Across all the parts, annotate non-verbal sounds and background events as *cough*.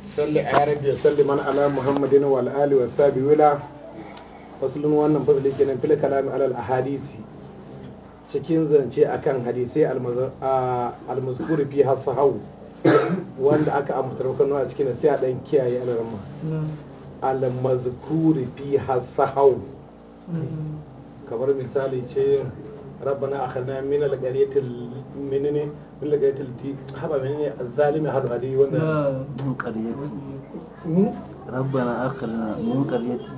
salli a yaran da salli man ala muhammadin wa al'ali wa sabi wila fasulun wannan fasuli kenan fil kalami alal ahadisi cikin zance akan hadisai almazkuri fi hasahau wanda aka ambata maka a cikin sai a dan kiyaye alarma almazkuri fi hasahau mm-hmm. kamar misali ce rabbana akhana min al-qaryatil menene billaga ya tilti haba menene hmm? eh, ah, zalimi halu hadi wanda mun qaryati rabbana akhrina min qaryati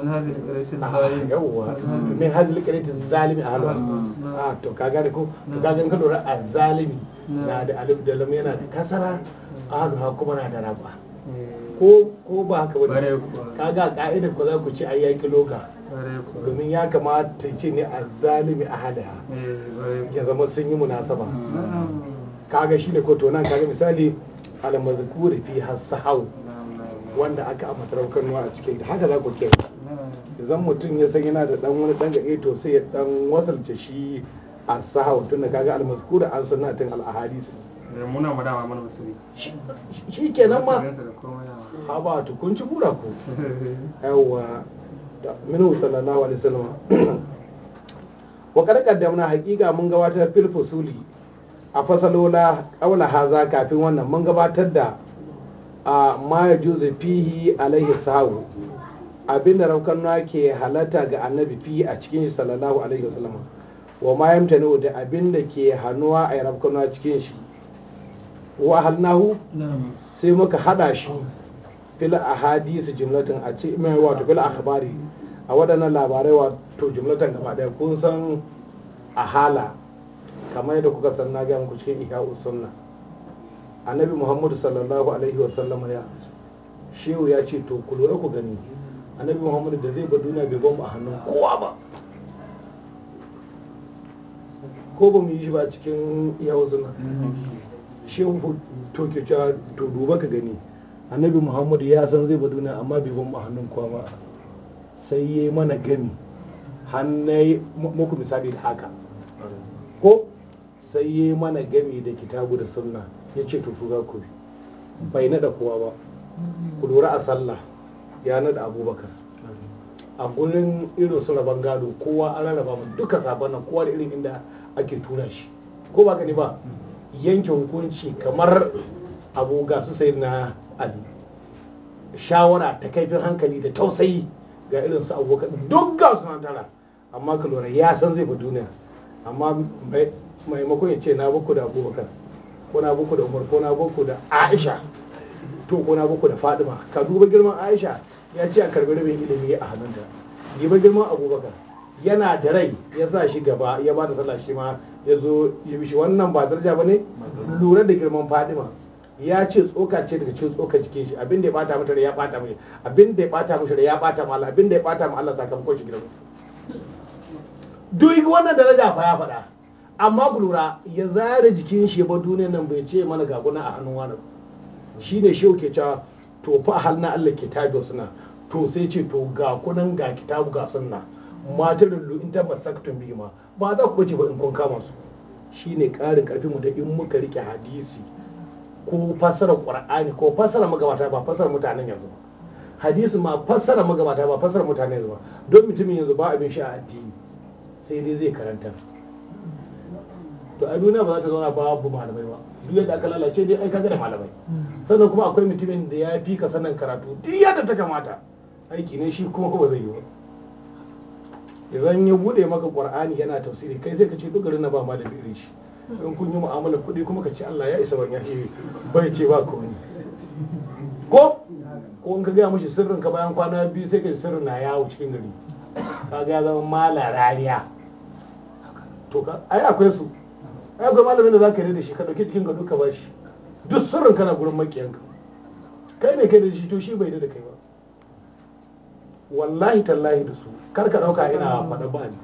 min hadhihi alqaryati zalim yawa ahlu ah to kaga da ko to kaga in ka lura zalimi na da alif da lam yana da kasara ahlu kuma na da raba eh. ko ba haka ba kaga ka'idar ku za ku ci ayyaki loka domin ya kamata ce ne a zalimi a hada eh, ya zama sun yi munasaba hmm. Hmm. kaga shi ne ko nan kaga misali almazkuri fi hasahau hmm. wanda aka amata raukan nuwa a cikin da haka za ku kyau idan mutum ya san yana da dan wani dan gaɗe to sai ya dan wasalce shi a sahau tunda kaga almazkura an sannatin al'ahadis eh, muna madawa mana musulmi shi kenan ma haba to kun ci bura ko *laughs* yawa minu sallallahu alaihi wasallam *clears throat* wa kad qaddamna haqiqa mun gabatar fil fusuli a fasalola qawla haza kafin wannan mun gabatar da a ma juzu fihi alaihi sahu abinda raukan ke halata ga annabi fi a cikin shi sallallahu alaihi wasallam wa ma mutane da abinda ke hannuwa a raukan cikin shi wa halnahu sai muka hada shi fil ahadisi jumlatin a cikin wato fil akhbari a waɗannan labarai wato jimlatan gaba ɗaya kun san a hala kamar yadda kuka san na gaya muku cikin iya sunna annabi muhammadu sallallahu alaihi wasallama ya shehu ya ce to ku lura ku gani annabi muhammadu da zai ba duniya bai bamu a hannun kowa ba ko ba mu yi shi ba cikin iya sunna shehu to ke cewa to duba ka gani annabi muhammadu ya san zai ba duniya amma bai bamu a hannun kowa ba sai ya mana gami hannai muku misali da haka ko sai ya mana gami da kitabu da sunna ya ce to ga ku bai nada kowa ba ku lura a sallah ya nada abubakar a gurin irin su rabon gado kowa an rarraba mu duka sabon nan kowa da irin inda ake tura shi ko ba gani ba yanke hukunci kamar abu ga su sai na ali shawara ta kaifin hankali da tausayi ga irin su abokan duk ga su tara amma ka lura ya san zai fi duniya amma maimakon ya ce na buku da abubakar ko na buku da umar ko na buku da aisha to ko na buku da fadima ka duba girman aisha ya ce a karbi rabin ilimi a hannunta ba girman abubakar yana da rai ya sa shi gaba ya ba da sallah shi ma ya zo ya bishi wannan ba daraja ba ne lura da girman fadima ya ce tsoka ce daga cikin tsoka jikin shi abin da ya bata mata ya bata mai abin da ya bata mishi ya bata mala Allah abin da ya bata ma Allah sakamakon shi gidan duk wannan daraja fa ya faɗa amma ku lura ya zare jikin shi ba duniyar nan bai ce mana ga guna a hannun wani ne shi ke cewa to fa hal na Allah kitabu suna to sai ce to ga kunan ga kitabu ga sunna matar lullu in ta saktun bi ma ba za ku bace ba in kun kama su Shi ne ƙarin ƙarfinmu mu da in muka rike hadisi ko fassarar qur'ani ko fassarar magabata ba fassarar mutanen yanzu ba hadisi ma fassarar magabata ba fassarar mutanen yanzu ba don mutumin yanzu ba abin sha'a a addini sai dai zai karanta to a duniya ba za ta zauna babu malamai ba duk yadda aka lalace dai ai da malamai sannan kuma akwai mutumin da ya fi ka sanin karatu duk yadda ta kamata aiki ne shi kuma ba zai yi ba idan ya bude maka qur'ani yana tafsiri kai sai ka ce duk garin na ba ma da irin shi in kun yi mu'amalar kuɗi kuma ka ce Allah ya isa wani ya bai ce ba komai ko ko in ka gaya mashi sirrin ka bayan kwana biyu sai ka ji sirrin na yawo cikin gari ka ga ya zama mala rariya to ka ai akwai su ai akwai malamin da za ka yi da shi ka ɗauki cikin ka duka ba shi duk sirrin kana gurin makiyanka kai ne kai da shi to shi bai da kai ba wallahi tallahi da su kar ka ɗauka ina faɗa ba ne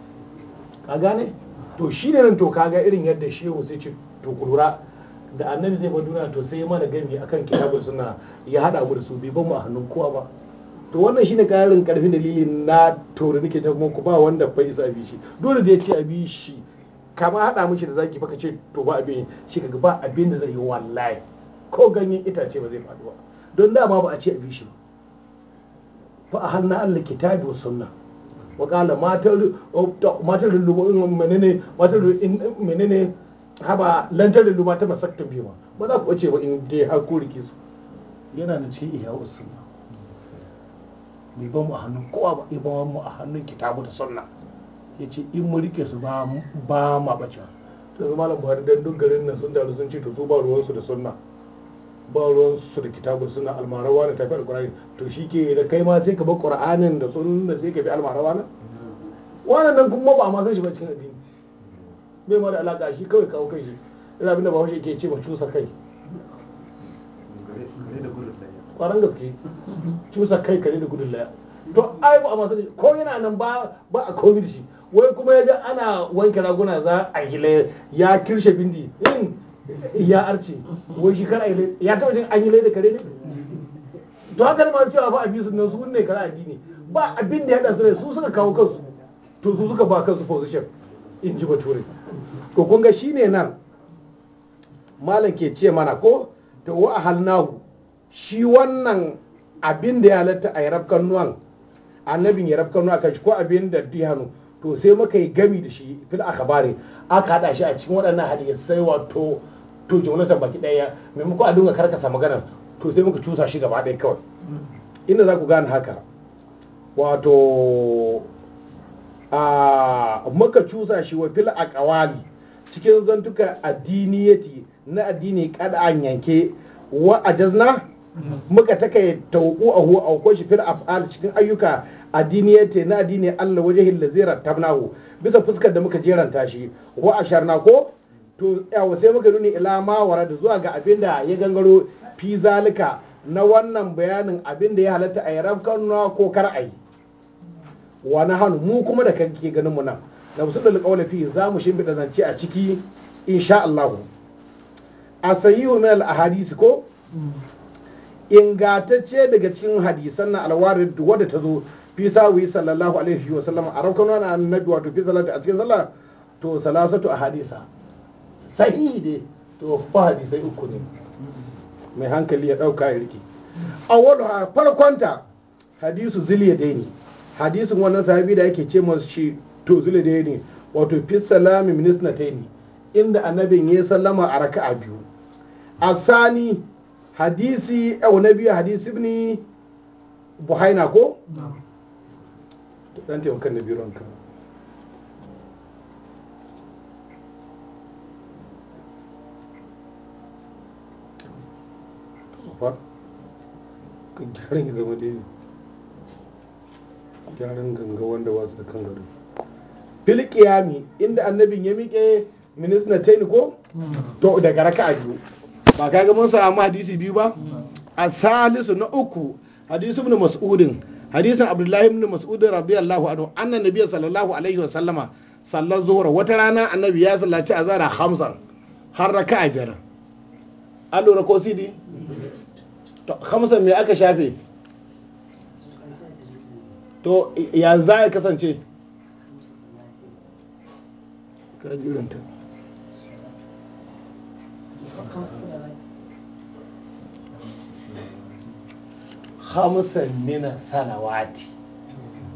ka gane to shi ne nan to kaga irin yadda shehu sai ci to da annabi zai ba duniya to sai mana gami akan kitabun suna ya hada mu da su bai mu a hannun kowa ba to wannan shine karin karfin dalilin na tori nake ta kuma ba wanda fa isa bi shi dole da ya ce a bi shi kama hada mishi da zaki baka ce to ba abin shi kaga ba abin da zai yi wallahi ko ganyen itace ba zai faɗi ba don dama ba a ce a bi shi ba fa a hannun Allah kitabi wa sunna wakala matar oh, matar lulluɓa menene matar menene haba lantar lulluɓa ta masakta bima ba za ku ɓace ba in dai har ko rike su yana da ce iya usu bai ba mu a hannun kowa ba bai ba mu a hannun kitabu da sunna ya ce in mu rike su ba ma to yanzu malam buhari dan duk nan sun taru sun ce to su ba ruwansu da sunna ba ruwan su da kitabu suna almarawa na tafi alkurani to shi ke da kai ma sai ka bar ƙur'anin da da sai ka bi almarawa na wannan nan kuma ba ma san shi ba cikin addini bai ma da alaka shi kawai kawo kai shi ina abinda ba ke ce ma cusa kai kwaran gaske cusa kai kare da gudun laya to ai ba a masu ko yana nan ba ba a komi da shi wai kuma ya ana wanke raguna za a gila ya kirshe bindi in hmm. ya arce wai shi kar ya taɓa jin an yi laida kare ne to haka ne masu cewa fa abin su nan su ne kare addini ba abin da ya haɗa su ne su suka kawo kansu to su suka ba kansu position in ji bature to kun ga shine nan malam ke ce mana ko ta wa ahalnahu shi wannan abin da ya latta a yarabkan nuwan annabin yarabkan nuwa kan shi ko abin da dihanu to sai muka yi gami da shi fil akhbari aka hada shi a cikin waɗannan hadisai wato to jonathan baki ɗaya maimako a dunga karkasa magana to sai muka cusa shi gaba ɗaya kawai inda za ku gane haka wato a muka cusa shi wa fil aqwali cikin zantuka addiniyati na addini kada an yanke wa ajazna muka take tauku a huwa shi fil af'al cikin ayyuka addiniyati na addini Allah wajhil ladzi rattabnahu bisa fuskar da muka jeranta shi wa asharna ko to yawa sai muka nuni ila wara da zuwa ga abin da ya gangaro fi zalika na wannan bayanin abin da ya halatta a yaran kanwa ko kar a yi hannu mu kuma da ke ganin mu nan na musu da alƙawla fi za mu da zance a ciki insha Allah a sayi min al al'ahadisi ko ingantacce daga cikin hadisan na alwari wadda ta zo fi sawi sallallahu alaihi wa sallam a raukan wani annabi wato fi salatu a cikin sallah to salasatu ahadisa sahihi to fahadi hadisai uku ne mai hankali ya ɗauka ya rike awwalu farkonta hadisu ne hadisun wannan sahabi da yake ce masu ci to ne wato fi salami ne. inda annabin ya sallama a raka a biyu A sani, hadisi ya na biyu hadisi ne buhaina ko ɗan taimakon na biyu ranka ba ka gyaran ya zama daidai gyaran ganga wanda ba su da kan gado fil qiyami inda annabin ya miƙe minis na taini ko hmm. to daga raka a biyu ba ka ga mun samu hadisi biyu ba hmm. a salisu na uku hadisi ibn mas'udin hadisin abdullahi ibn mas'ud radiyallahu anhu anna nabiyyi sallallahu alaihi wa sallama sallar zuhra wata rana annabi ya sallaci azara hamsan har raka a biyar an lura ko sidi hmm. to hamsin me aka shafe to ya za ya kasance ka jiranta salawati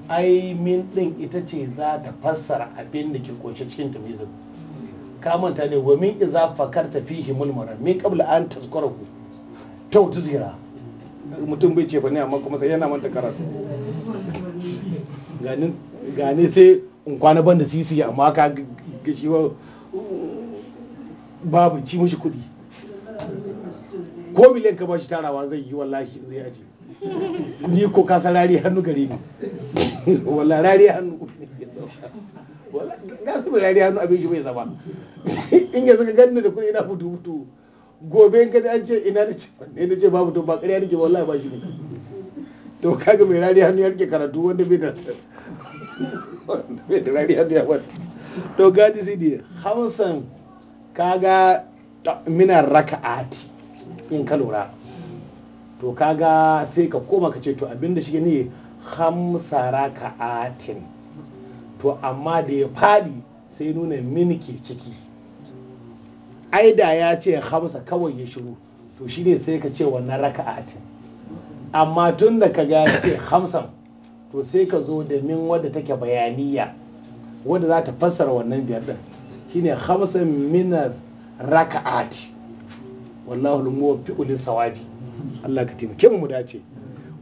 ai min din ita ce za ta fassara abin da ke kunshe cikin tamizin kamanta manta ne wa min iza fakarta fihi mulmara min kabla an ta tau zira mutum bai ce fa ne amma kuma sai yana manta karatu gane sai in kwana ban da sisi amma ka gashi babu ci mishi kuɗi ko miliyan ka bashi tarawa zai yi wallahi zai aje ni ko ka san rari hannu gare ni wallahi rari hannu ga su rari hannu abin shi bai zama in yanzu ka ganni da kudi ina futu futu gobe in kaji an ce ina da ce ne na ce babu to ba ƙarya nake wallahi ba shi ne to kaga mai rari hannu ya rike karatu wanda bai da bai da rari hannu ya wata to gadi sidi hausan kaga minan raka'ati in ka lura to kaga sai ka koma ka ce to abinda shi ne hamsa raka'atin to amma da ya fadi sai nuna miniki ke ciki ai da ya ce hamsa kawai ya shiru to shine sai ka ce wannan ati? amma tun da ka ga ya ce hamsa to sai ka zo da min wadda take bayaniya wadda za ta fassara wannan biyar din shine Hamsa minas raka'ati wallahu muwaffiqu lis sawabi Allah ka taimake mu dace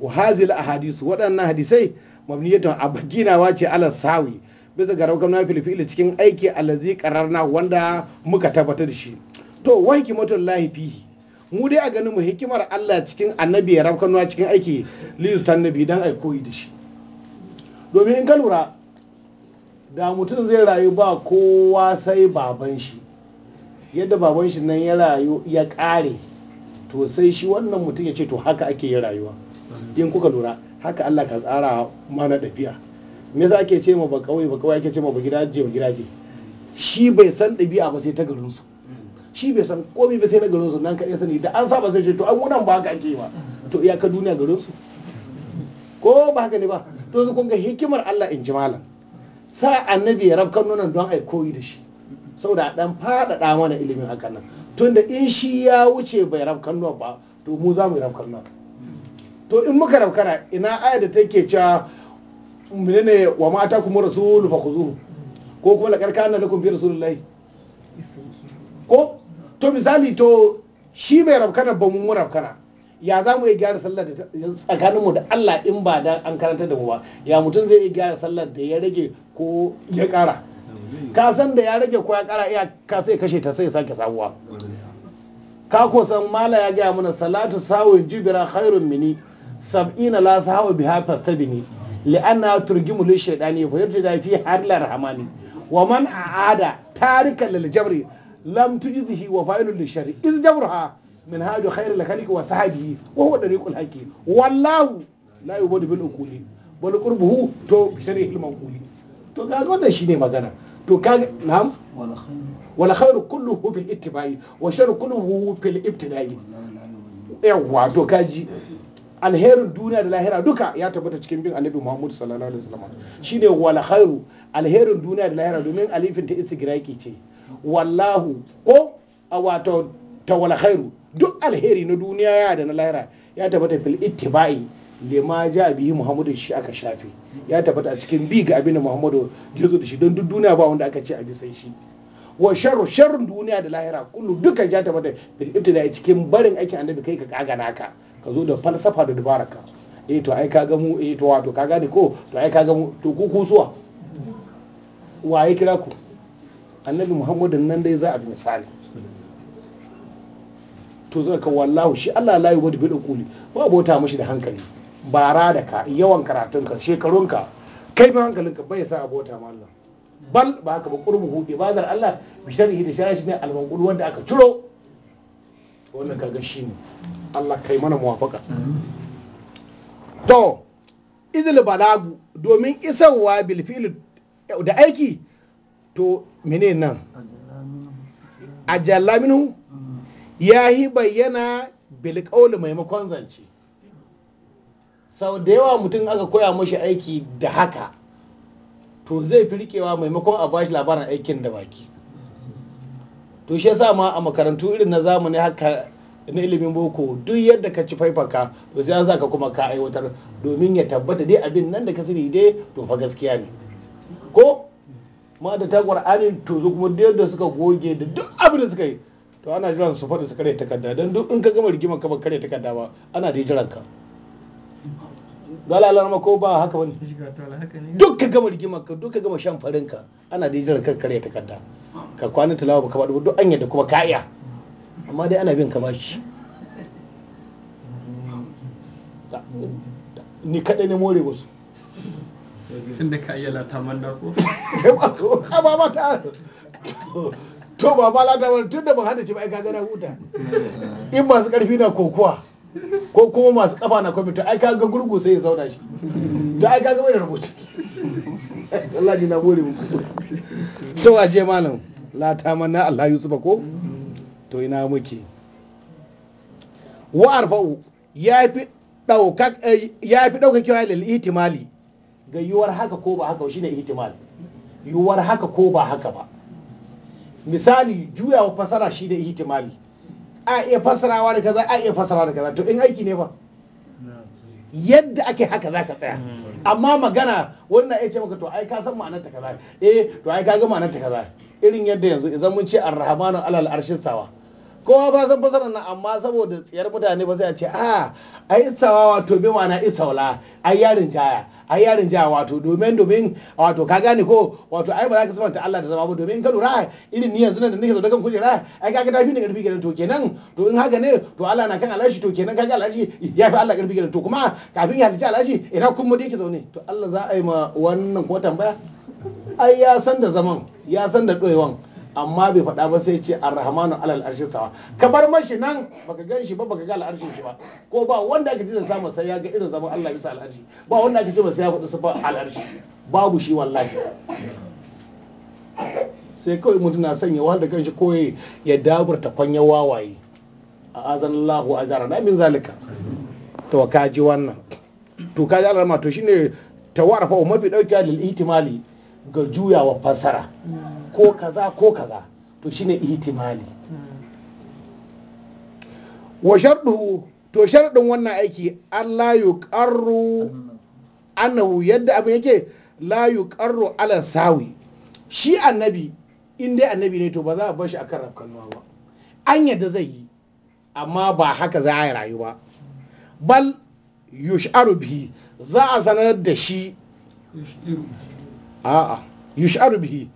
wa hazil ahadisu waɗannan hadisai mabniyatun abaginawa ce ala sawi bisa ga na filifili cikin aiki alazi kararna wanda muka tabbatar da shi to wa hikimatun lahifi mu dai a ganin mu hikimar Allah cikin annabi ya na cikin aiki lizu ta nabi dan ai koyi da shi domin in ka lura da mutum zai rayu ba kowa sai baban shi yadda baban shi nan ya rayu ya kare to sai shi wannan mutum ya ce to haka ake yin rayuwa in kuka lura haka Allah ka tsara mana tafiya me za ake ce ma ba kawai ba kawai ake ce ma ba gidaje ba gidaje shi bai san ɗabi'a ba sai ta garin su shi bai san komai ba sai na garin su nan kaɗai sani da an saba sai ce to an wunan ba haka ake ba to iyaka duniya garin su ko ba haka ne ba to yanzu kun ga hikimar Allah in ji malam sa annabi ya rabkan nunan don ai koyi da shi saboda dan faɗaɗa mana ilimin hakan nan tunda in shi ya wuce bai rabkan nunan ba to mu za mu yi rabkan nunan to in muka rabkana ina aya da take cewa menene wa mata kuma rasulu fa khuzuhu ko kuma laqad kana lakum bi rasulillahi ko to misali to shi bai rabkana ba mu rabkana ya za mu iya gyara sallar da tsakanin mu da Allah in ba da an karanta da mu ba ya mutum zai iya gyara sallar da ya rage ko ya kara ka san da ya rage ko ya kara iya ka sai kashe ta sai sake sabuwa ka ko san mala ya gaya mana salatu sawin jibira khairun mini sab'ina la sahawa biha fastabini li'anna turgimu lil shaytani fa yabtada fi harla rahmani wa man aada tarika lil jabri lam tujzihi wa fa'ilu lil sharri iz jabruha min hadu khair al khaliq wa sahabihi wa huwa dariqul haqi wallahu la yubadu bil uquli bal qurbuhu to sharri al manquli to kaga wannan shine magana to kaga na'am wala khairu wala khairu kulluhu fil ittibai wa sharru kulluhu fil ibtidai yawwa to kaji alherin duniya da lahira duka ya tabbata cikin bin annabi muhammadu sallallahu alaihi wasallam shine wal khairu alherin duniya da lahira domin alifin ta giraki ce wallahu ko a wato ta wal khairu duk alheri na duniya ya da na lahira ya tabbata fil ittiba'i lima ja bihi muhammadu shi aka shafe ya tabbata a cikin bi ga abin da muhammadu ya zo da shi don duk duniya ba wanda aka ce a bisan shi wa sharru sharrun duniya da lahira kullu duka ja tabbata fil ittiba'i cikin barin aikin annabi kai ka kaga naka ka zo da falsafa da dabaraka eh to ai ka ga mu eh to wato ka gane ko to ai ka ga mu to ku kusuwa waye kira ku annabi muhammadu nan dai za a bi misali to zaka ka wallahu shi Allah la yughadu bi dukuli ba bota mishi da hankali bara da ka yawan karatunka shekarunka kai ma hankalinka bai sa abota ma Allah bal ba haka ba qurbu bi Allah bi sharhi da sharashi ne al-manqul wanda aka ciro wannan kaga shi ne Allah kai mana muwafaka to izil balagu domin isarwa bilfil da aiki to mene nan ajalla ya yi bayyana bilkauli maimakon zance sau da yawa mutum aka koya mashi aiki da haka to zai fi rikewa maimakon a bashi labarin aikin da baki to shi yasa ma a makarantu irin na zamani haka na ilimin boko duk yadda ka ci faifaka to sai an sa ka kuma ka aiwatar domin ya tabbata dai abin nan da ka sani dai to fa gaskiya ne ko ma da ta qur'anin to su kuma duk yadda suka goge da duk abin da suka yi to ana jiran su faɗi su kare takarda don duk in ka gama rigimar ka ba kare takarda ba ana da jiran ka dalalar ma ko ba haka wani duk ka gama rigimar ka duk ka gama shan farin ka ana da jiran ka kare takarda ka kwana tilawa baka faɗi duk an yadda kuma ka amma dai ana bin ka bashi ni kaɗai ne more wasu tunda ka iya lata manda ko *laughs* ba ba ta to ba ba lata wani da ba hada ce ba aika kaga huta in masu ƙarfi na kokowa ko kuma masu kafa na kwamfuta aika ga gurgu sai ya zauna shi da aika kaga wani rubutu *laughs* Allah ni na more muku to je malam Lata manna Allah Yusufa ko to ina muke wa arba'u ya fi eh, ɗaukakewa lil ihtimali ga yiwuwar haka ko ba haka shine ihtimal yiwuwar haka ko ba haka ba misali juyawa fasara shi da ihtimali a iya fasarawa da kaza a iya fasarawa da kaza to in aiki ne ba yadda ake haka za ka tsaya hmm. amma magana wannan ya ce maka to ai ka san ma'anar ta kaza eh to ai ka ga ma'anar ta kaza irin yadda yanzu idan mun ce arrahmanu alal arshistawa kowa ba san fasara nan amma saboda tsiyar mutane ba sai a ce a ah, ai tsawa wato bi ma'ana isaula ai yarin jaya ai yarin jaya wato domin domin wato ka gane ko wato ai ba za ka sabanta Allah da zama ba domin ka lura irin ni yanzu nan da nake zo da kan kujera ai kaga tafi ni karfi kenan to kenan to in haka ne to Allah na kan alashi to kenan kaga alashi ya fi Allah karfi kenan to kuma kafin ya halice alashi ina kun mu da yake zaune to Allah za a yi ma wannan ko tambaya ai ya san da zaman ya san da ɗoyewan amma bai faɗa ba sai ce arrahmanu alal arshi sawa ka bar mashi nan baka gan shi ba baka ga al'arshin shi ba ko ba wanda aka tilasta samun sai ya ga irin zaman Allah bisa al'arshi ba wanda aka ce sai ya faɗi sufa al'arshi babu shi wallahi sai kawai mutum na sanya wahal da kanshi koyi ya daburta kwanya wawaye a azanallahu ajara na min zalika to ka ji wannan to ka ji alama to shine tawarafa mafi ɗauki lil ihtimali ga juyawa fassara mm. ko kaza ko kaza to shine ihtimali mm. wa sharɗu to sharɗin wannan aiki Allah yuqarru annahu yadda abin yake la yuqarru ala sawi shi annabi in dai annabi ne to ba za a bar shi akan rafkanuwa ba an yadda zai yi amma ba haka za a yi rayu ba bal yush'aru bihi za a sanar da shi a'a yushar bihi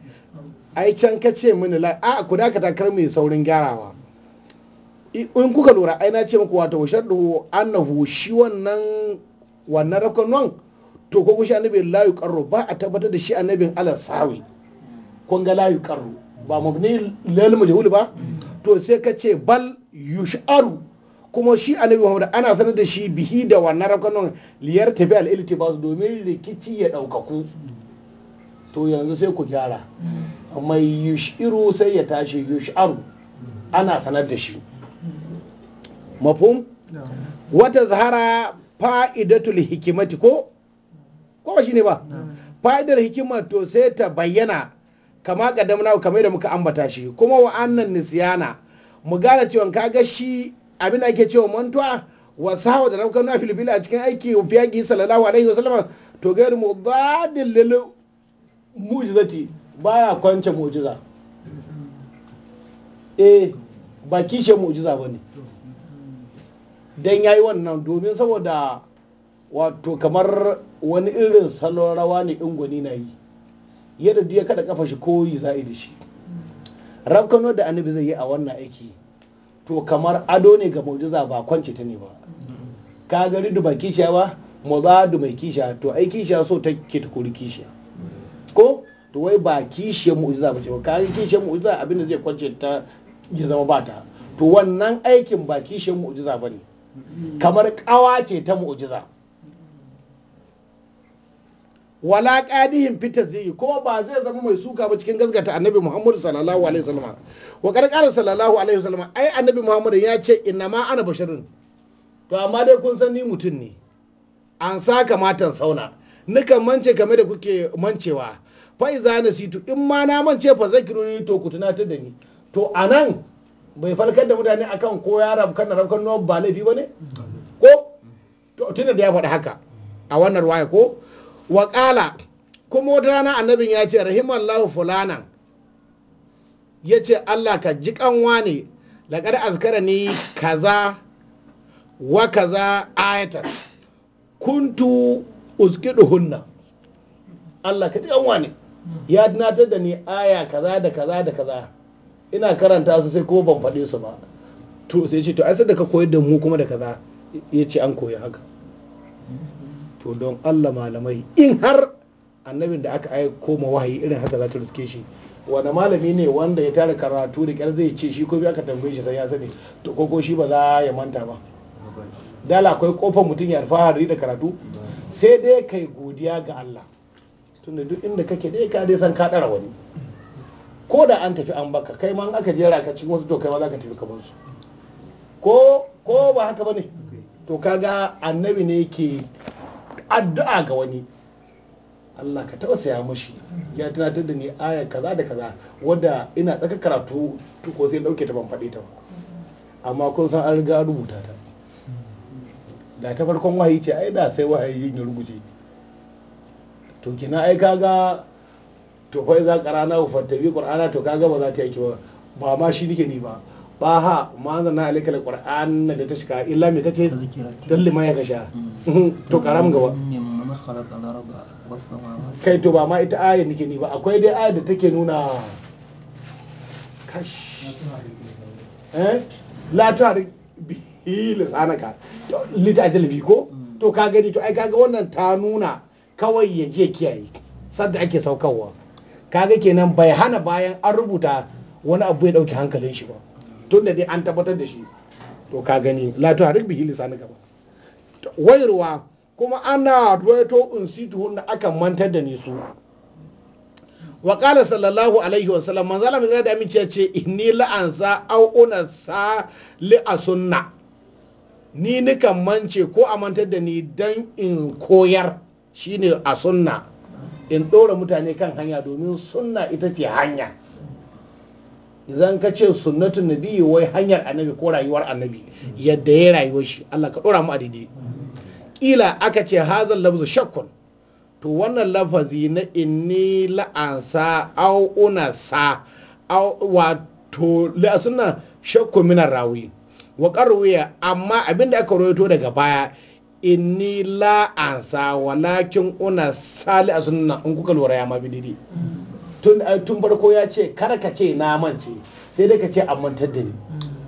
ai can ka ce mini la a'a ku ka takar mai saurin gyarawa in kuka lura ai na ce muku wato shardu annahu shi wannan wannan rakon nan to ko shi annabi la yuqarru ba a tabbatar da shi annabin alal sawi kun ga la yuqarru ba mabni lil majhul ba to sai ka ce bal yush'aru kuma shi annabi Muhammad ana sanar da shi bihi da wannan rakon nan liyar tafi al-iltibas domin rikici ya daukaku to yanzu sai ku gyara mm. mai yushiru sai ya tashi yusharu ana sanar da shi mafum wata zahara fa'idatul hikimati ko ko ba ne ba fa'idar hikima to sai ta bayyana kama na kamar da muka ambata shi kuma wa'annan nisiyana mu gane cewa kaga shi abin da ake cewa mantuwa sahawa da kan na filibila a cikin aiki fiyaƙi sallallahu alaihi wasallam to gairu mu dadin lil mujizati baya kwance mujiza eh ba kishe mujiza ba ne don ya yi wannan domin saboda wato kamar wani irin salon rawa ne gwani na yi yadda duk ya kada kafa shi koyi za'i da shi rafkano da annabi zai yi a wannan aiki to kamar ado ne ga mujiza ba kwance ta ne ba ka gari da ba kishiya ba mu za mai kishiya to ai kishiya so ta ke ta kuri kishiya ko to wai ba kishiyar mu'jiza ba ce ba kishiyar mu'jiza abin da zai kwance ta ya zama ba ta to wannan aikin ba kishiyar mu'jiza ba ne kamar kawa ce ta mu'jiza wala qadihin fi tazyihi kuma ba zai zama mai suka ba cikin gaskata annabi Muhammad sallallahu alaihi wasallam wa karkar sallallahu alaihi wasallam ai annabi Muhammad ya ce inna ma ana basharun to amma dai kun san ni mutum ne an saka matan sauna nukan mance game da kuke mancewa za na situ in ma na mance fa ni to ku tunatar da ni to anan bai farkar da mutane akan ko ya rabkan na rabkan nuwan ba laifi ba ne? ko to tunda da ya faɗi haka a wannan waya ko wa kuma wata rana annabin ya ce lahu fulanan ya ce Allah ka ji kanwa ne laƙar azkara ni kaza wa kaza ayatar kuntu hunna Allah ka ji kanwa ne ya tunatar da ni aya kaza da kaza da kaza ina karanta su sai ko ban faɗe su ba to sai ce to ai sai da ka koyar da mu kuma da kaza ya ce an koyi haka to don Allah malamai in har annabin da aka aiko ma wahayi irin haka za ta riske shi wani malami ne wanda ya tara karatu da kyar zai ce shi ko bi aka tambaye shi sai ya sani to ko ko shi ba za ya manta ba dala akwai kofar mutum ya alfahari da karatu sai dai kai godiya ga Allah tunda duk inda kake da ka dai san ka dara wani ko da an tafi an baka kai ma an aka jera ka cikin wasu to kai ma za ka tafi kamar su ko ko ba haka bane to kaga annabi ne ke addu'a ga wani Allah ka taɓa saya mashi ya tunatar da ni aya kaza da kaza wadda ina tsaka karatu ko sai dauke ta ban faɗi ta ba amma kun san an riga rubuta ta da ta farkon wahayi ce ai da sai wahayi ya rubuce to kina ai kaga to kai za ka rana ku fattabi qur'ana to kaga ba za ta yake ba ba ma shi nike ni ba ba ha ma na alayka alquran da ta shika illa me tace dalli ma ya kasha hmm. *laughs* to karam gaba kai to ba ma ita aya nike ni ba akwai dai aya da take nuna kash eh la tuhari bi lisanaka to lita ajal ko hmm. to ka gani to ai kaga wannan ta nuna kawai ya je kiyaye sadda ake saukarwa kaga kenan bai hana bayan an rubuta wani abu ya dauki hankalin shi ba tunda dai an tabbatar da shi to ka gani la to bihi lisanin gaba wayarwa kuma ana ruwaito in situ na aka mantar da ni su wa qala sallallahu alaihi wa sallam manzo Allah mai da amince ce inni la'ansa au sa li sunna ni nikan mance ko a mantar da ni dan in koyar shine a sunna in ɗora mutane kan hanya domin sunna ita ce hanya idan ka ce sunnatun nabi wai hanyar annabi ko rayuwar annabi yadda ya rayuwa shi Allah ka ɗora mu a daidai Ƙila aka ce hazan lafzu shakkun to wannan lafazi na inni la'ansa au sa au wato sunna shakkun minar rawi wa amma abinda aka rawaito daga baya inni la ansa walakin una sali a sunna in kuka lura ya ma didi? Eh, tun farko ya ce kada ka ce na mance sai dai ka ce an mantar da ni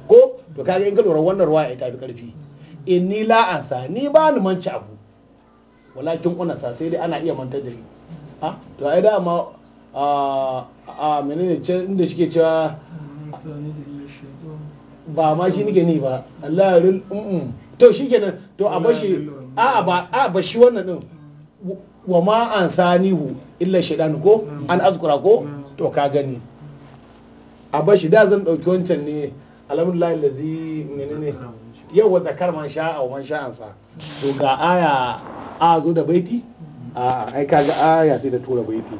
ko to kaga in ka lura wannan ruwa ya tafi karfi inni la ansa ni ba ni mance abu walakin una sa sai dai ana iya mantar da ni ha to ai da ma a menene ce inda shike cewa ba ma shi nike ni ba Allah ya rin to shi kenan to a bashi a ba shi wannan din wa ma an sanihu illa shaidan ko hmm. an azkura ko hmm. to ka gani a bashi da zan dauki wancan ne alhamdulillah allazi menene yau wa zakar man sha wa man sha ansa to ga aya a zo da baiti hmm. a ai kaga aya sai da tura baiti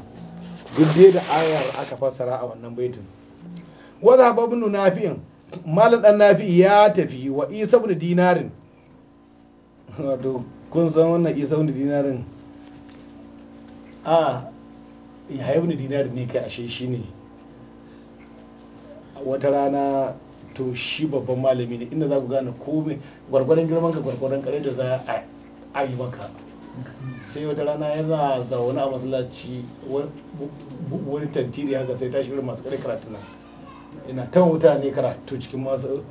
duk dai da ayar aka fassara a wannan baitin wa ibn nafi'in malam dan nafi ya tafi wa isa ibn dinarin *laughs* wato kun san wannan isa wani dinarin a ya wani dinarin ne kai ashe shi ne wata rana to shi babban malami ne inda za ku gane komai gwargwaron girman ka gwargwaron kare da za a yi maka sai wata rana yana zaune a masallaci wani tantiri haka sai tashi irin masu kare karatu nan ina ta ne karatu cikin masu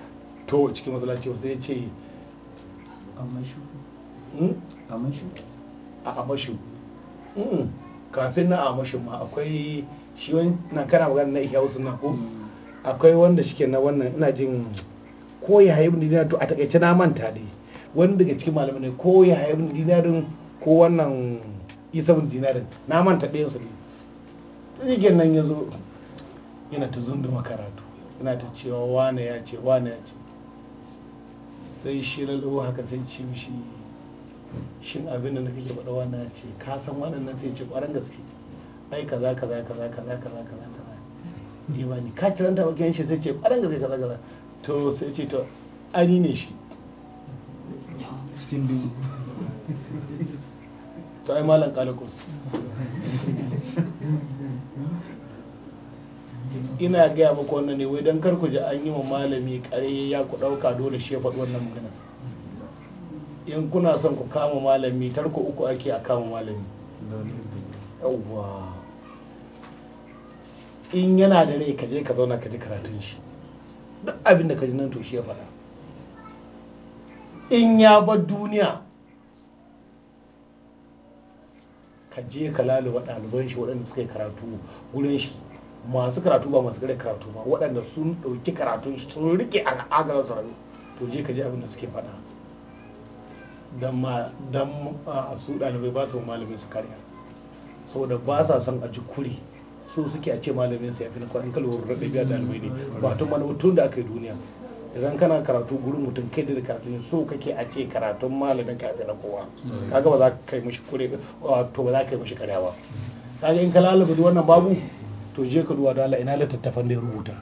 to cikin masallaci sai ya ce Hmm? a amashin hmm. kafin na amashin ma akwai shi wannan kana magana na hausa na ko hmm. akwai wanda shike na wannan ina jin ko ya hayi ibn to a takaice na manta dai wani daga cikin malamai ne ko ya hayi ibn dinarin ko wannan isa ibn dinarin na manta ɗayan su ne to shike nan ya zo yana ta zunduma karatu yana ta cewa wane ya ce wane ya ce sai shi lalo haka sai ci mishi shin abin da nake faɗa wannan ce ka san wannan nan sai ce ƙwarar gaske ai kaza kaza kaza kaza kaza kaza kaza *laughs* imani ka kiranta wakilan shi sai ce ƙwarar gaske kaza kaza to sai ce to ani ne shi cikin dubu to ai malam kalakus ina gaya muku wannan ne wai don kar ku ji an yi wa malami kare ya ku ɗauka dole shi ya faɗi wannan maganar in kuna son ku kama malami tarko uku ake a kama malami yauwa in yana da rai ka je ka zauna ka ji karatun shi duk abin da ka ji nan to shi ya faɗa in ya bar duniya ka je ka laluba ɗaliban shi waɗanda suka yi karatu gurin shi masu karatu ba masu gare karatu ba waɗanda sun ɗauki karatun shi sun rike a agarar to je ka je abin da suke faɗa don a su ɗalibai ba su malamin su kariya saboda ba sa son a ji kuri so suke a ce malamin su ya fi na kwanan kalwar raɗe biya ɗalibai ne ba tun mana tun da aka yi duniya idan kana karatu gurin mutum kai da karatu so kake a ce karatun malamin ka na kowa kaga ba za ka kai mishi kure to ba za ka kai mishi kariya ba kaga in ka lalaba wannan babu to je ka duwa da Allah ina littattafan da ya rubuta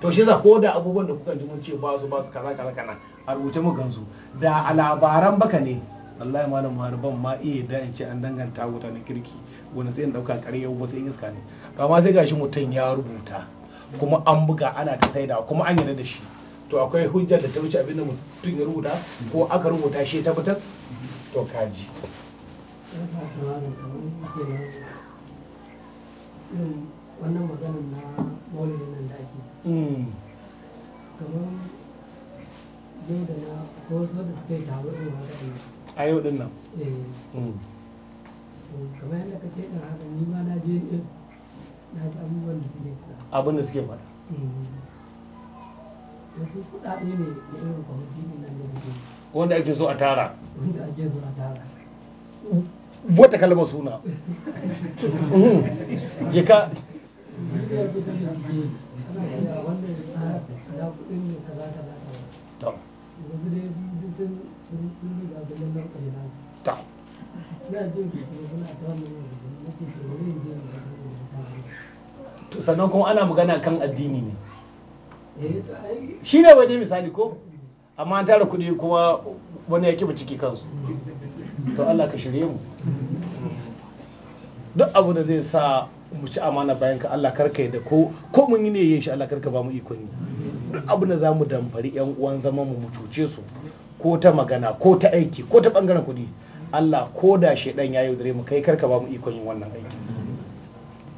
to shi yasa ko da abubuwan da kuka ji mun ce ba su ba su kaza kaza kana a rubuce mu gansu da a labaran baka ne wallahi malam muharban ma iya da in ce an danganta na kirki wani sai in dauka karya wasu in iska ne amma sai gashi mutum ya rubuta kuma an buga ana ta saida kuma an yana da shi to akwai hujjar da ta wuce abin da mutum ya rubuta ko aka rubuta shi ta tabbatas to kaji wannan maganin na maulidin nan da ake hmm. kamar yau da na ko wadda suka yi taro ɗin wata ne a yau ɗin nan eh. hmm. kamar yadda ka ce ɗin haka ni ma na je ɗin na ji abubuwan da suke faɗa abin da suke faɗa hmm. wasu kuɗaɗe ne da irin kwamiti ɗin nan da suke wanda ake so a tara wanda ake so a tara wata kalmar suna jika sannan kuma ana magana kan addini ne shi ne wani misali ko amma an tara kuɗi kuma wani ya kiba ciki kansu to Allah ka shirye mu duk abu da zai sa mu ci amana bayan ka Allah karka da ko ko mun yi ne yin shi Allah karka ba mu ikon yi duk abin da zamu damfari yan uwan zaman mu mu cuce su ko ta magana ko ta aiki ko ta bangaren kuɗi Allah ko da shedan ya yaudare mu kai karka ba mu ikon yin wannan aiki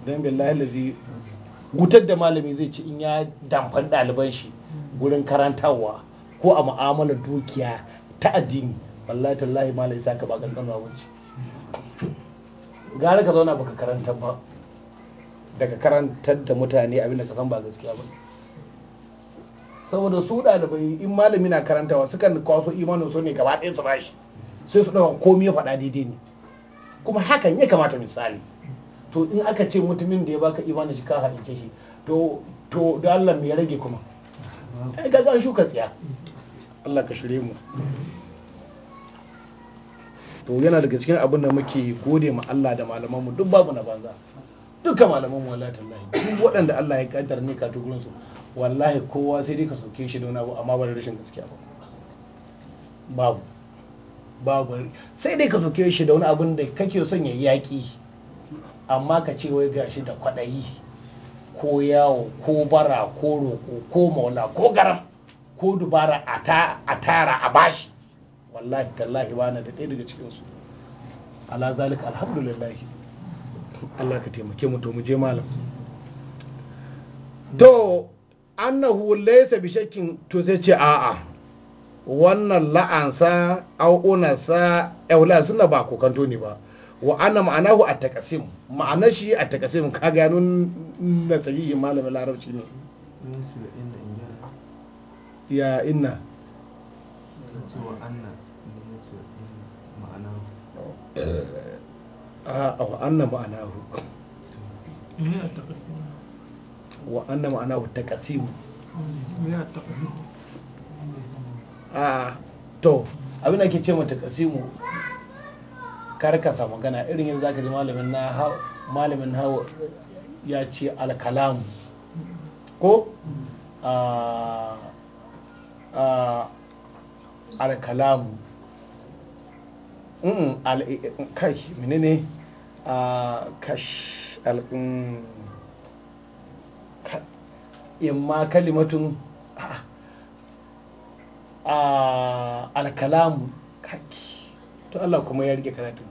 dan billahi lazi wutar da malami zai ci in ya damfan ɗaliban shi gurin karantawa ko a mu'amalar dukiya ta addini wallahi tallahi malai saka ba kankan wuce gara ka zauna baka karanta ba daga karantar da mutane abin da ka san ba gaskiya ba saboda su ɗalibai in malami na karantawa sukan kwaso imanin su ne gaba ɗaya su bashi sai su ɗauka komai ya faɗa daidai ne kuma hakan ya kamata misali to in aka ce mutumin da ya baka imanin shi ka haɗince shi to to da Allah mai rage kuma ai ga an shuka tsiya Allah ka shire mu to yana daga cikin abin da muke gode ma Allah da malamanmu duk babu na banza duka malaman wallahi tallahi duk waɗanda Allah ya kaddar ne ka gurin su wallahi kowa sai dai ka sauke shi da wani abu amma ba da rashin gaskiya ba babu babu sai dai ka sauke shi da wani abin da kake son ya yaƙi amma ka ce wai gashi da kwaɗayi ko yawo ko bara ko roƙo ko maula ko garam ko dubara a tara a bashi wallahi tallahi bana da ɗaya daga cikinsu ala zalika alhamdulillah Allah ka taimake mu to mu je malam to annahu laysa bi shakkin to sai ce a'a wannan la'ansa au unasa suna ba kokanto ne ba wa anna ma'anahu at taqsim ma'anar shi at taqsim ka gano na sahihi malamin larabci ne ya inna na anna inna a wa'annan ma'anahu wa'annan ma'anahu ta kasimu a to abin da ke ce mata kasimu karkasa magana irin yadda zaka ji malamin na ya ce alkalamu ko alkalamu Mm, eh, eh, mm, kai menene a ah, kash al'in mm, imma kalimatun a ah, ah, alkalamu kaki to Allah kuma ya rike karatun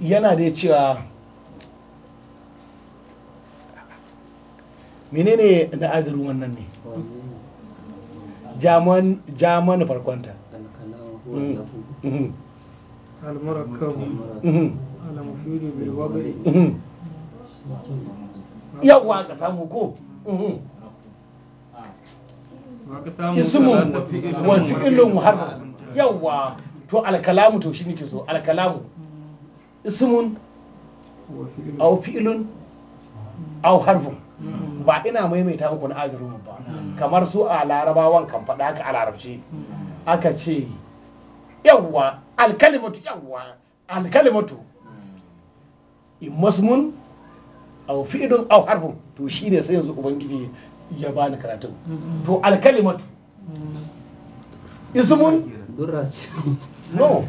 yana da cewa menene na ajirin wannan ne jaman farkonta المركب المفيد بالوضع yawa ka samu ko ismun wa fi'lun muharram yawa to alkalamu to shi nake so alkalamu ismun aw fi'lun aw ba ina maimaita muku na azurumin ba kamar su a larabawan kan faɗa haka a larabci aka ce yawa alkalimatu yawwa alkalimatu in masmun aw fi'lun aw harfun to shine sai yanzu ubangiji ya bani karatun to alkalimatu ismun no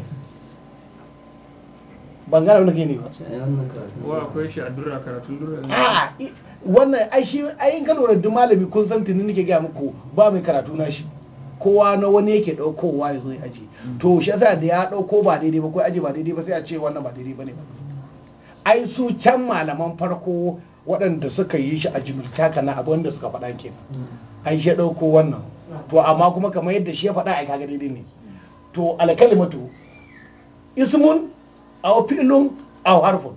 Bangara gane wani gini ba wa akwai shi a durra karatun durra a wannan ai shi ai in ka lura duk malami kun san tunin nake ga muku ba mai karatu na shi kowa na wani yake ɗaukowa ya zo ya aji mm. to shi yasa da ya ɗauko ba daidai ba ko aji ba daidai ba sai a ce wannan ba daidai ba ne ba ai su can malaman farko waɗanda suka yi shi a jimirtaka na abin da suka faɗa ke mm. an shi ɗauko wannan to amma kuma kamar yadda shi ya faɗa a kaga daidai ne mm. to alkalimatu ismun aw fi'lun aw harfun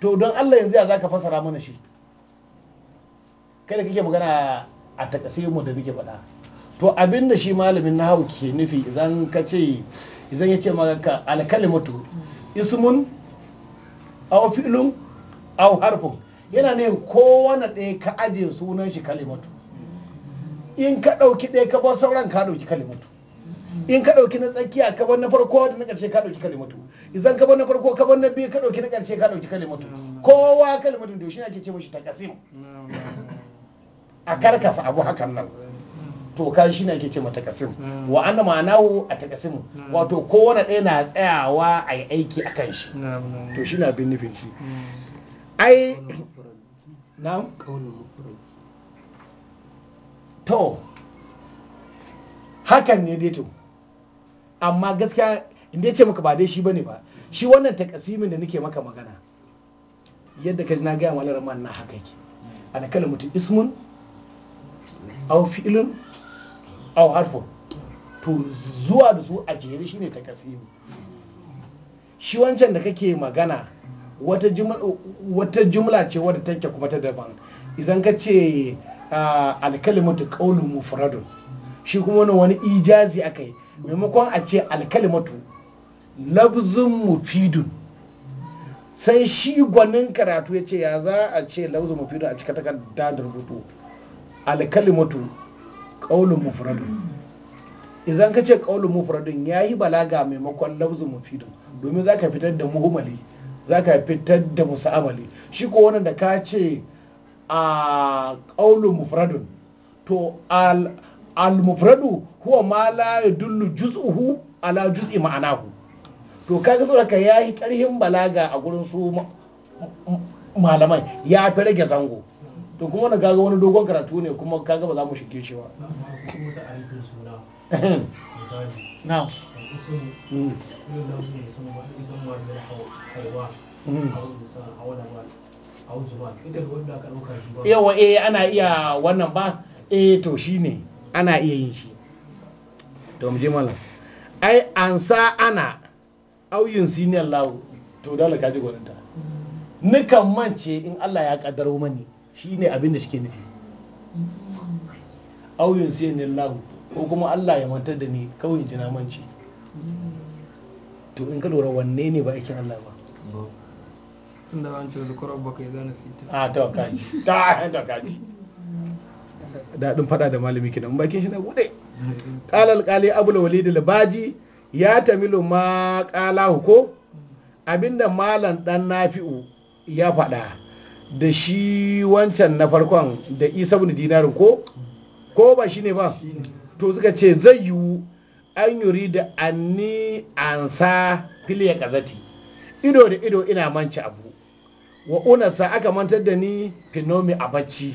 to don Allah yanzu ya zaka fasara mana shi kada kake magana a takasirin mu da muke faɗa to abin da shi malamin nahawu ke nufi idan ka ce idan ya ce maka alkalimatu ismun au fi'lun au harfun yana ne kowane ɗaya ka aje sunan shi kalimatu in ka ɗauki ɗaya ka bar sauran ka ɗauki kalimatu in ka ɗauki na tsakiya ka bar na farko da na ƙarshe ka ɗauki kalimatu idan ka bar na farko ka bar na biyu ka ɗauki na ƙarshe ka ɗauki kalimatu kowa kalimatu da shi ake ce mashi takasim a karkasa abu hakan nan toka shi ne ke ce mata kasim mm. wa anna ma'anahu a takasimu mm. wato kowane ɗaya na tsayawa a yi aiki a kan shi mm. to shi na bin nufin shi ai na to hakan ne dai to amma gaskiya inda ya ce maka ba dai shi bane ba shi wannan takasimin da nake maka magana yadda ka na gaya malar man na haka yake mutum, ismun au fi'ilun Au harfo to zuwa da su a jere shine ta kasiri shi wancan da kake magana wata jumla ce wadda take kuma ta daban idan ka ce alkalimatu kaulu mufradun shi kuma wani wani ijazi aka yi maimakon a ce alkalimatu labzun mufidun sai shi gwanin karatu ya ce ya za a ce labzun mufidun a cika takarda rubutu alkalimatu ƙaunin mufradun idan ka ce ƙaunin mufradun ya yi balaga maimakon lafzin mufidin domin za ka fitar da muhimmali za ka fitar da amali shi ko wannan da ka ce a ƙaunin mufradun to al-mufradu huwa ma la dullu juz'uhu ala juz'i ma'anahu to ka ga zuwa ka yayi karhin balaga a gurin su malaman ya fi rage zango to kuma wani kaga wani dogon karatu ne kuma kaga ba za mu shige shi ba yawa eh ana iya wannan ba eh to shi ne ana iya yin shi to mu je malam ai an sa ana auyin siniyar lahu to dole ka ji gwaninta mm. nukan mance in Allah ya kaddaro mani Shi ne abin da shike nufi Auyin siyan ne lahu ko kuma Allah ya mantar da ni kawai jina manci to in ka lura wanne ne ba aikin Allah ba tunda an ce zukur abuka ya zana yi a ta kaji ta ta kaji daɗin faɗa da malami kenan bakin shi na buɗe ƙalal ƙali abul walid Labaji ya tamilu ma ƙalahu ko abinda malam ɗan nafi'u ya faɗa da shi wancan na farkon da isa bin dinarin ko ko ba shi ne ba to suka ce zai yiwu an yuri da anni ansa filiya kazati ido da ido ina manci abu wa unarsa aka mantar da ni finomi a bacci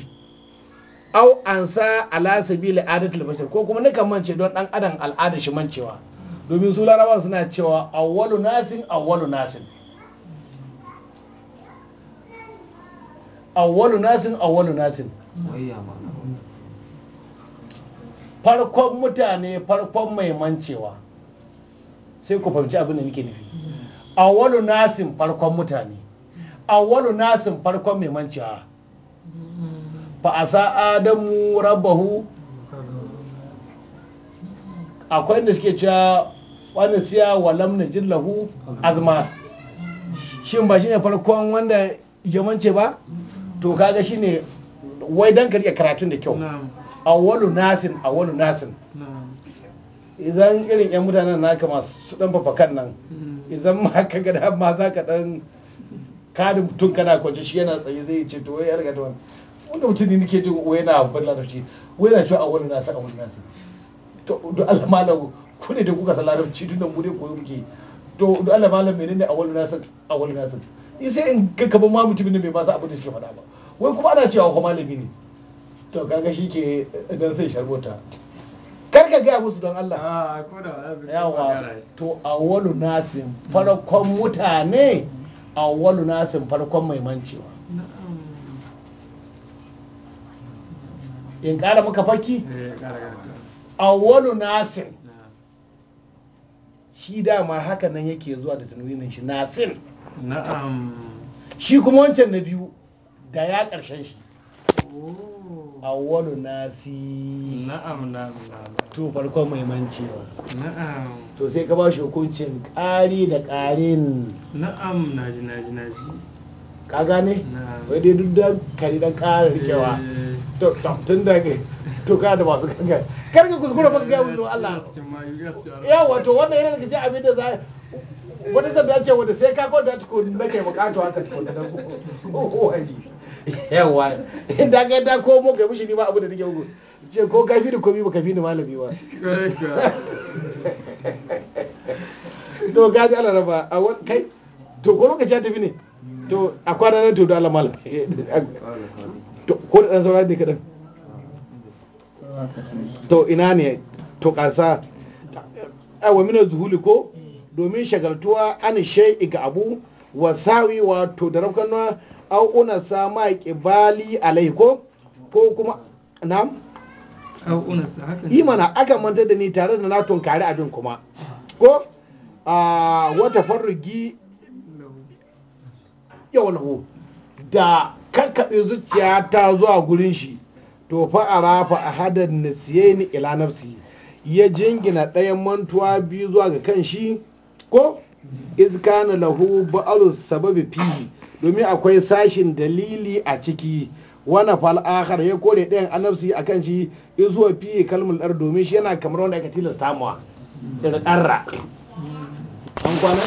au ansa ala sabili adatul bashar ko kuma nika mance don dan adam al'ada shi mancewa domin su larabawa suna cewa awwalu nasin awwalu nasin awwalu nasin awwalu nasin farkon mutane farkon mai mancewa sai ku fahimci abin da nake nufi awwalu nasin farkon mutane awwalu nasin farkon mai mancewa fa asa adamu rabbahu akwai da suke cewa wani siya walam na jillahu azma shin ba shine farkon wanda ya mance ba to kaga ne wai dan ka karatun da kyau A wani nasin a wani nasin idan irin yan mutanen naka masu dan fafakan nan hmm. idan ma ka ga ma za ka dan kadin mutum kana kwance shi yana tsaye zai ce to ya riga da wani wanda mutum ne nake ji wai yana balla larabci shi wai yana cewa wani nasin wani nasin to do Allah malam ku ne da kuka san larabci tun da mu dai koyo muke to do Allah malam menene wani nasin wani nasin ni sai in ga ma mutumin da bai ba su abin da suke faɗa ba wai kuma ana cewa kuma malami ne to kaga shi ke dan sai sharbota kar ka gaya musu don Allah ah, yawa to wani nasin farkon mutane a wani nasin farkon mai mancewa in kara muka faki eh, wani nasin shi dama haka nan yake zuwa da tanwinin shi nasin na'am shi kuma wancan na biyu da ya ƙarshen shi oh. A wani nasi na'am na'am to farkon mai mancewa na'am to sai ka ba shi hukuncin ƙari da ƙarin na'am ji na ji ka gane wai dai duk da kari da ƙarar rikewa eh. to tun da ke to ka da masu kankan karka kuskura ka gaya wuzo Allah yawa to wannan yana da cikin abin da za wani zabi ya ce wanda sai ka kwanta tukun nake bukatu haka tukun da kowaji oh, oh, yawa inda ka da ko mu ga mishi ni ma abu da nake muku ce ko kafi da ni komi ba kafi da ni malami ba *laughs* to gaji ala raba a wani kai to ko lokaci ya tafi ne to a kwana nan to dala mal *laughs* ko da dan saurari ne kadan to ina ne to kasa a wa mina zuhuli ko domin shagaltuwa an sha'i ga abu wasawi wato da raukanwa au una sama alai ko ko kuma na'am imana aka manta da ni tare da na tunkari abin kuma ko a wata farrigi ho. da kakkaɓe zuciya ta zuwa gurin shi to fa a rafa a hadar nasiye ni ila nafsi ya jingina ɗayan mantuwa biyu zuwa ga kan shi ko iz kana lahu ba'alu sababi fihi domin akwai sashin dalili a ciki wani fal'akar ya kore ɗayan anafsi a kan shi in fiye kalmul ɗar domin shi yana kamar wanda aka tilasta mawa da ɗarra an kwana?